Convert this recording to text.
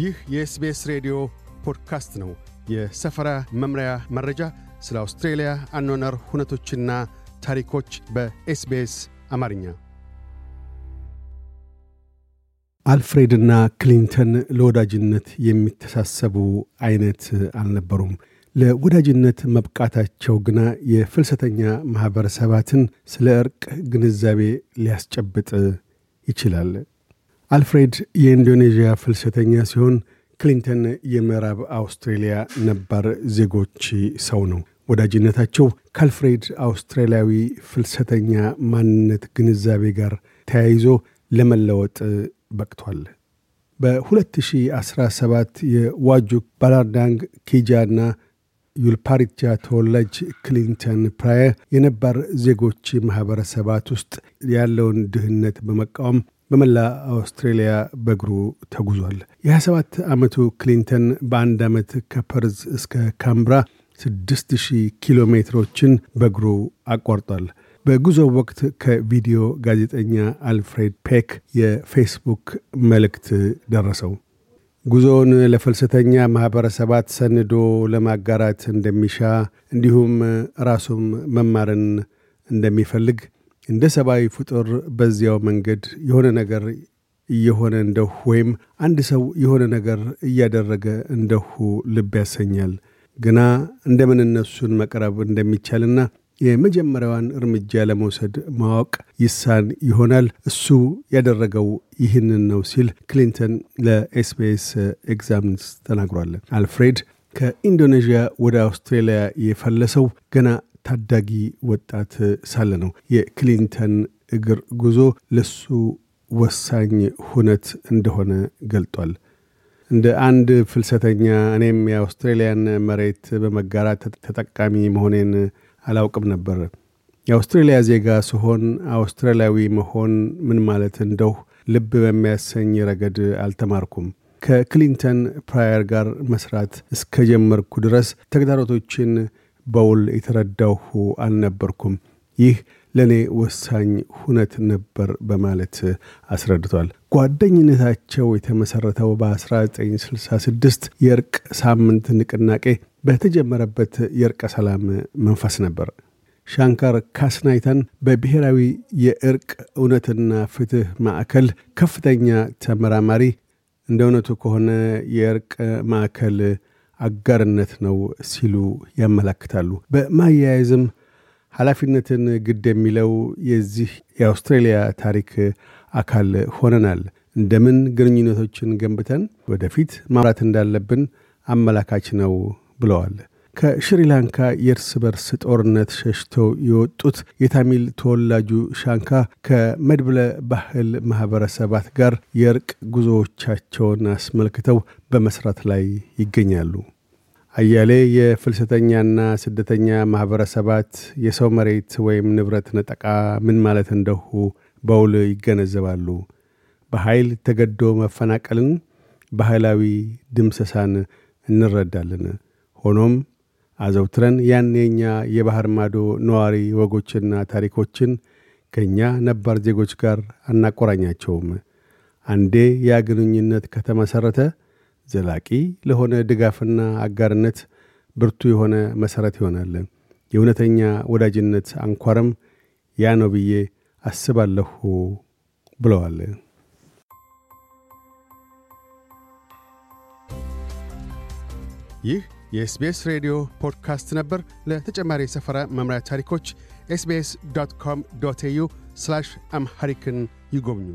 ይህ የኤስቤስ ሬዲዮ ፖድካስት ነው። የሰፈራ መምሪያ መረጃ፣ ስለ አውስትሬልያ አኗነር ሁነቶችና ታሪኮች በኤስቤስ አማርኛ። አልፍሬድና ክሊንተን ለወዳጅነት የሚተሳሰቡ አይነት አልነበሩም። ለወዳጅነት መብቃታቸው ግና የፍልሰተኛ ማኅበረሰባትን ስለ ዕርቅ ግንዛቤ ሊያስጨብጥ ይችላል። አልፍሬድ የኢንዶኔዥያ ፍልሰተኛ ሲሆን ክሊንተን የምዕራብ አውስትሬልያ ነባር ዜጎች ሰው ነው። ወዳጅነታቸው ከአልፍሬድ አውስትራሊያዊ ፍልሰተኛ ማንነት ግንዛቤ ጋር ተያይዞ ለመለወጥ በቅቷል። በ2017 የዋጁክ ባላርዳንግ ኬጃ ና ዩልፓሪቻ ተወላጅ ክሊንተን ፕራየ የነባር ዜጎች ማህበረሰባት ውስጥ ያለውን ድህነት በመቃወም በመላ አውስትሬልያ በእግሩ ተጉዟል። የ27 ዓመቱ ክሊንተን በአንድ ዓመት ከፐርዝ እስከ ካምብራ 6000 ኪሎ ሜትሮችን በእግሩ አቋርጧል። በጉዞው ወቅት ከቪዲዮ ጋዜጠኛ አልፍሬድ ፔክ የፌስቡክ መልእክት ደረሰው። ጉዞውን ለፍልሰተኛ ማኅበረሰባት ሰንዶ ለማጋራት እንደሚሻ እንዲሁም ራሱም መማርን እንደሚፈልግ እንደ ሰብአዊ ፍጡር በዚያው መንገድ የሆነ ነገር እየሆነ እንደሁ ወይም አንድ ሰው የሆነ ነገር እያደረገ እንደሁ ልብ ያሰኛል። ግና እንደምን እነሱን መቅረብ እንደሚቻልና የመጀመሪያዋን እርምጃ ለመውሰድ ማወቅ ይሳን ይሆናል። እሱ ያደረገው ይህንን ነው ሲል ክሊንተን ለኤስቢኤስ ኤግዛምንስ ተናግሯል። አልፍሬድ ከኢንዶኔዥያ ወደ አውስትሬልያ የፈለሰው ገና ታዳጊ ወጣት ሳለ ነው። የክሊንተን እግር ጉዞ ለሱ ወሳኝ ሁነት እንደሆነ ገልጧል። እንደ አንድ ፍልሰተኛ እኔም የአውስትሬልያን መሬት በመጋራት ተጠቃሚ መሆኔን አላውቅም ነበር። የአውስትሬልያ ዜጋ ስሆን አውስትራሊያዊ መሆን ምን ማለት እንደሁ ልብ በሚያሰኝ ረገድ አልተማርኩም። ከክሊንተን ፕራየር ጋር መስራት እስከጀመርኩ ድረስ ተግዳሮቶችን በውል የተረዳሁ አልነበርኩም። ይህ ለእኔ ወሳኝ ሁነት ነበር በማለት አስረድቷል። ጓደኝነታቸው የተመሠረተው በ1966 የእርቅ ሳምንት ንቅናቄ በተጀመረበት የእርቀ ሰላም መንፈስ ነበር። ሻንካር ካስናይተን በብሔራዊ የእርቅ እውነትና ፍትህ ማዕከል ከፍተኛ ተመራማሪ እንደ እውነቱ ከሆነ የእርቅ ማዕከል አጋርነት ነው ሲሉ ያመላክታሉ። በማያያዝም ኃላፊነትን ግድ የሚለው የዚህ የአውስትሬሊያ ታሪክ አካል ሆነናል። እንደምን ግንኙነቶችን ገንብተን ወደፊት ማምራት እንዳለብን አመላካች ነው ብለዋል። ከሽሪላንካ የእርስ በርስ ጦርነት ሸሽተው የወጡት የታሚል ተወላጁ ሻንካ ከመድብለ ባህል ማኅበረሰባት ጋር የእርቅ ጉዞዎቻቸውን አስመልክተው በመስራት ላይ ይገኛሉ። አያሌ የፍልሰተኛና ስደተኛ ማኅበረሰባት የሰው መሬት ወይም ንብረት ነጠቃ ምን ማለት እንደሁ በውል ይገነዘባሉ። በኃይል ተገዶ መፈናቀልን፣ ባህላዊ ድምሰሳን እንረዳለን። ሆኖም አዘውትረን ያን የእኛ የባህር ማዶ ነዋሪ ወጎችና ታሪኮችን ከእኛ ነባር ዜጎች ጋር አናቆራኛቸውም። አንዴ የግንኙነት ከተመሠረተ ዘላቂ ለሆነ ድጋፍና አጋርነት ብርቱ የሆነ መሠረት ይሆናል። የእውነተኛ ወዳጅነት አንኳርም ያ ነው ብዬ አስባለሁ ብለዋል። ይህ የኤስቤስ ሬዲዮ ፖድካስት ነበር። ለተጨማሪ ሰፈራ መምሪያ ታሪኮች ኤስቤስ ዶት ኮም ዶት ኤዩ አምሐሪክን ይጎብኙ።